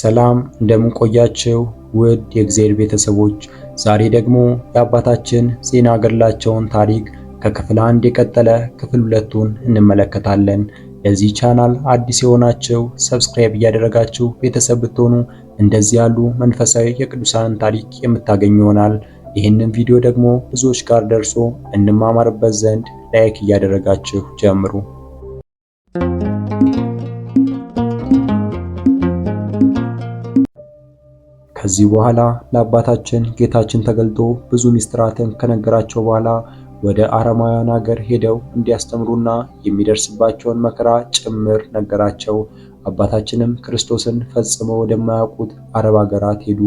ሰላም እንደምንቆያቸው ውድ የእግዚአብሔር ቤተሰቦች፣ ዛሬ ደግሞ የአባታችን ዜና ገድላቸውን ታሪክ ከክፍል አንድ የቀጠለ ክፍል ሁለቱን እንመለከታለን። ለዚህ ቻናል አዲስ የሆናችሁ ሰብስክራይብ እያደረጋችሁ ቤተሰብ ብትሆኑ እንደዚህ ያሉ መንፈሳዊ የቅዱሳን ታሪክ የምታገኙ ይሆናል። ይህንን ቪዲዮ ደግሞ ብዙዎች ጋር ደርሶ እንማማርበት ዘንድ ላይክ እያደረጋችሁ ጀምሩ። ከዚህ በኋላ ለአባታችን ጌታችን ተገልጦ ብዙ ምስጢራትን ከነገራቸው በኋላ ወደ አረማውያን ሀገር ሄደው እንዲያስተምሩና የሚደርስባቸውን መከራ ጭምር ነገራቸው። አባታችንም ክርስቶስን ፈጽመው ወደማያውቁት አረብ ሀገራት ሄዱ።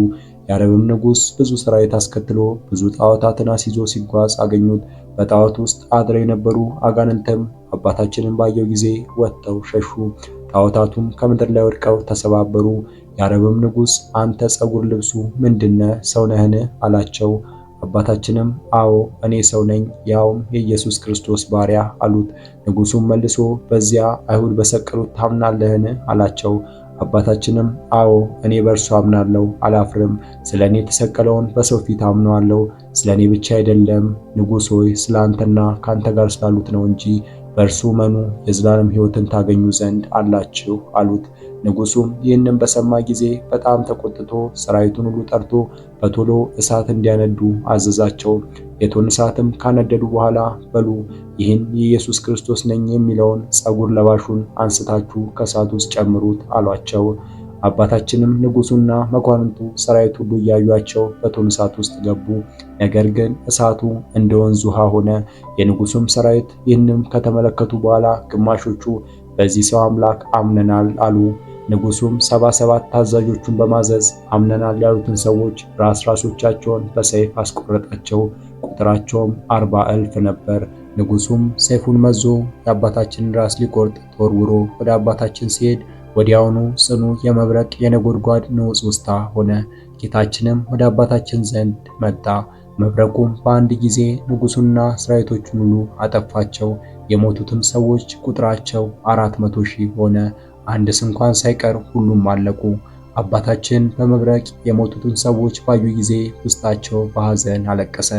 የአረብም ንጉሥ ብዙ ሠራዊት አስከትሎ ብዙ ጣዖታትን አስይዞ ሲጓዝ አገኙት። በጣዖት ውስጥ አድረው የነበሩ አጋንንትም አባታችንን ባየው ጊዜ ወጥተው ሸሹ። ጣዖታቱም ከምድር ላይ ወድቀው ተሰባበሩ። የአረብም ንጉሥ አንተ ጸጉር ልብሱ ምንድነ ሰው ነህን? አላቸው። አባታችንም አዎ እኔ ሰው ነኝ፣ ያውም የኢየሱስ ክርስቶስ ባሪያ አሉት። ንጉሡም መልሶ በዚያ አይሁድ በሰቀሉት ታምናለህን? አላቸው። አባታችንም አዎ እኔ በእርሱ አምናለሁ፣ አላፍርም። ስለ እኔ የተሰቀለውን በሰው ፊት አምነዋለሁ። ስለ እኔ ብቻ አይደለም ንጉሥ ሆይ ስለ አንተና ከአንተ ጋር ስላሉት ነው እንጂ በእርሱ መኑ የዘላለም ሕይወትን ታገኙ ዘንድ አላችሁ አሉት። ንጉሱም ይህንን በሰማ ጊዜ በጣም ተቆጥቶ ሰራዊቱን ሁሉ ጠርቶ በቶሎ እሳት እንዲያነዱ አዘዛቸው። የቶን እሳትም ካነደዱ በኋላ በሉ ይህን የኢየሱስ ክርስቶስ ነኝ የሚለውን ጸጉር ለባሹን አንስታችሁ ከእሳት ውስጥ ጨምሩት አሏቸው። አባታችንም ንጉሱና መኳንንቱ ሰራዊት ሁሉ እያዩአቸው በእቶነ እሳት ውስጥ ገቡ። ነገር ግን እሳቱ እንደ ወንዝ ውሃ ሆነ። የንጉሱም ሰራዊት ይህንም ከተመለከቱ በኋላ ግማሾቹ በዚህ ሰው አምላክ አምነናል አሉ። ንጉሱም ሰባ ሰባት ታዛዦቹን በማዘዝ አምነናል ያሉትን ሰዎች ራስ ራሶቻቸውን በሰይፍ አስቆረጣቸው። ቁጥራቸውም አርባ እልፍ ነበር። ንጉሱም ሰይፉን መዞ የአባታችንን ራስ ሊቆርጥ ተወርውሮ ወደ አባታችን ሲሄድ ወዲያውኑ ጽኑ የመብረቅ የነጎድጓድ ውስታ ሆነ። ጌታችንም ወደ አባታችን ዘንድ መጣ። መብረቁም በአንድ ጊዜ ንጉሡና ሰራዊቶቹን ሁሉ አጠፋቸው። የሞቱትም ሰዎች ቁጥራቸው አራት መቶ ሺህ ሆነ። አንድ ስንኳን ሳይቀር ሁሉም አለቁ። አባታችን በመብረቅ የሞቱትን ሰዎች ባዩ ጊዜ ውስጣቸው በሐዘን አለቀሰ።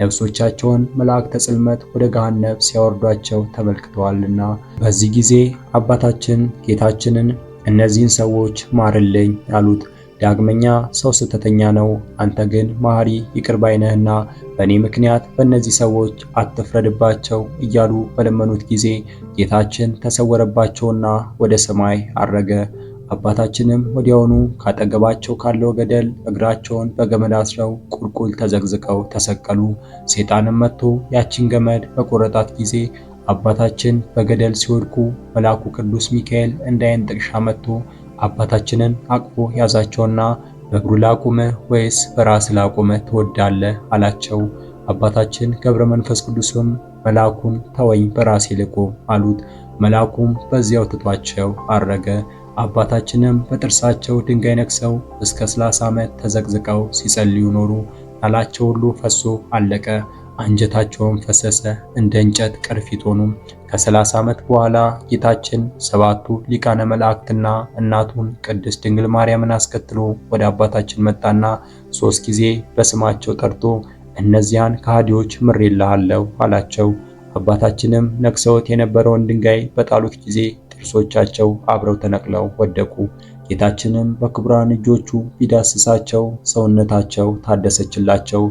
ነፍሶቻቸውን መላእክተ ጽልመት ወደ ገሃነብ ሲያወርዷቸው ተመልክተዋልና። በዚህ ጊዜ አባታችን ጌታችንን እነዚህን ሰዎች ማርልኝ አሉት። ዳግመኛ ሰው ስህተተኛ ነው፣ አንተ ግን መሐሪ ይቅር ባይ ነህና በእኔ ምክንያት በእነዚህ ሰዎች አትፍረድባቸው እያሉ በለመኑት ጊዜ ጌታችን ተሰወረባቸውና ወደ ሰማይ አረገ። አባታችንም ወዲያውኑ ካጠገባቸው ካለው ገደል እግራቸውን በገመድ አስረው ቁልቁል ተዘግዝቀው ተሰቀሉ። ሴጣንም መጥቶ ያችን ገመድ በቆረጣት ጊዜ አባታችን በገደል ሲወድቁ መልአኩ ቅዱስ ሚካኤል እንደ ዓይን ጥቅሻ መጥቶ አባታችንን አቅፎ ያዛቸውና በእግሩ ላቁመ ወይስ በራስ ላቁመ ትወዳለህ? አላቸው። አባታችን ገብረ መንፈስ ቅዱስም መልአኩን ተወኝ፣ በራሴ ልቁም አሉት። መልአኩም በዚያው ትቷቸው አረገ። አባታችንም በጥርሳቸው ድንጋይ ነክሰው እስከ 30 ዓመት ተዘቅዝቀው ሲጸልዩ ኖሩ። ናላቸው ሁሉ ፈሶ አለቀ፣ አንጀታቸውም ፈሰሰ፣ እንደ እንጨት ቅርፊት ሆኑ። ከ30 ዓመት በኋላ ጌታችን ሰባቱ ሊቃነ መላእክትና እናቱን ቅድስት ድንግል ማርያምን አስከትሎ ወደ አባታችን መጣና ሶስት ጊዜ በስማቸው ጠርቶ እነዚያን ከሃዲዎች ምሬልሃለሁ አላቸው። አባታችንም ነክሰውት የነበረውን ድንጋይ በጣሉት ጊዜ ልብሶቻቸው አብረው ተነቅለው ወደቁ። ጌታችንም በክቡራን እጆቹ ቢዳስሳቸው ሰውነታቸው ታደሰችላቸው።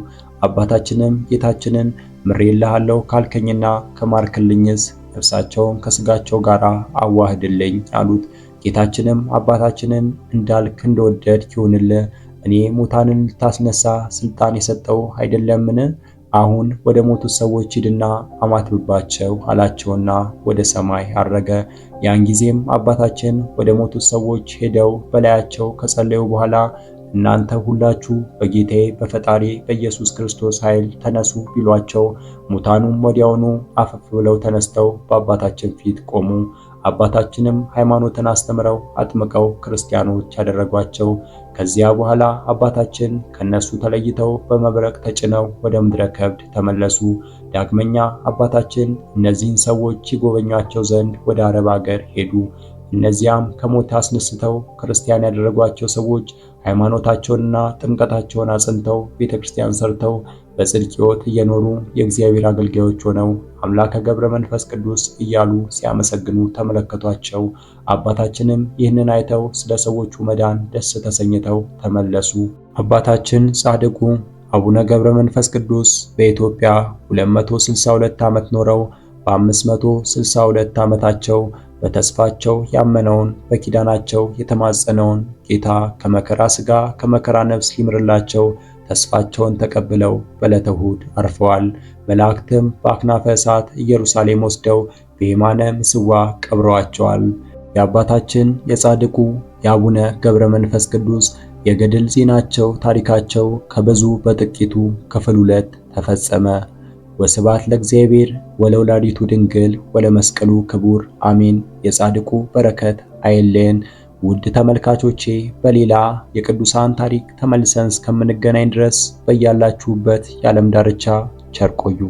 አባታችንም ጌታችንን ምሬልሃለሁ ካልከኝና ከማርክልኝስ ነፍሳቸውን ከስጋቸው ጋር አዋህድልኝ አሉት። ጌታችንም አባታችንን እንዳልክ እንደወደድ ይሁንልህ፣ እኔ ሙታንን ልታስነሳ ስልጣን የሰጠው አይደለምን? አሁን ወደ ሞቱት ሰዎች ሂድና አማትብባቸው አላቸውና ወደ ሰማይ አረገ። ያን ጊዜም አባታችን ወደ ሞቱት ሰዎች ሄደው በላያቸው ከጸለዩ በኋላ እናንተ ሁላችሁ በጌቴ በፈጣሪ በኢየሱስ ክርስቶስ ኃይል ተነሱ ቢሏቸው፣ ሙታኑም ወዲያውኑ አፈፍ ብለው ተነስተው በአባታችን ፊት ቆሙ። አባታችንም ሃይማኖትን አስተምረው አጥምቀው ክርስቲያኖች ያደረጓቸው። ከዚያ በኋላ አባታችን ከነሱ ተለይተው በመብረቅ ተጭነው ወደ ምድረ ከብድ ተመለሱ። ዳግመኛ አባታችን እነዚህን ሰዎች ይጎበኟቸው ዘንድ ወደ አረብ አገር ሄዱ። እነዚያም ከሞት አስነስተው ክርስቲያን ያደረጓቸው ሰዎች ሃይማኖታቸውንና ጥምቀታቸውን አጽንተው ቤተክርስቲያን ሰርተው በጽድቅ ሕይወት እየኖሩ የእግዚአብሔር አገልጋዮች ሆነው አምላከ ገብረ መንፈስ ቅዱስ እያሉ ሲያመሰግኑ ተመለከቷቸው። አባታችንም ይህንን አይተው ስለ ሰዎቹ መዳን ደስ ተሰኝተው ተመለሱ። አባታችን ጻድቁ አቡነ ገብረ መንፈስ ቅዱስ በኢትዮጵያ 262 ዓመት ኖረው በ562 ዓመታቸው በተስፋቸው ያመነውን በኪዳናቸው የተማጸነውን ጌታ ከመከራ ሥጋ ከመከራ ነፍስ ሊምርላቸው ተስፋቸውን ተቀብለው በዕለተ እሁድ አርፈዋል። መላእክትም በአክናፈ እሳት ኢየሩሳሌም ወስደው በየማነ ምስዋ ቀብረዋቸዋል። የአባታችን የጻድቁ የአቡነ ገብረ መንፈስ ቅዱስ የገድል ዜናቸው ታሪካቸው ከብዙ በጥቂቱ ክፍል ሁለት ተፈጸመ። ወስብሐት ለእግዚአብሔር ወለወላዲቱ ድንግል ወለመስቀሉ ክቡር አሜን። የጻድቁ በረከት አይለየን። ውድ ተመልካቾቼ በሌላ የቅዱሳን ታሪክ ተመልሰን እስከምንገናኝ ድረስ በያላችሁበት የዓለም ዳርቻ ቸር ቆዩ።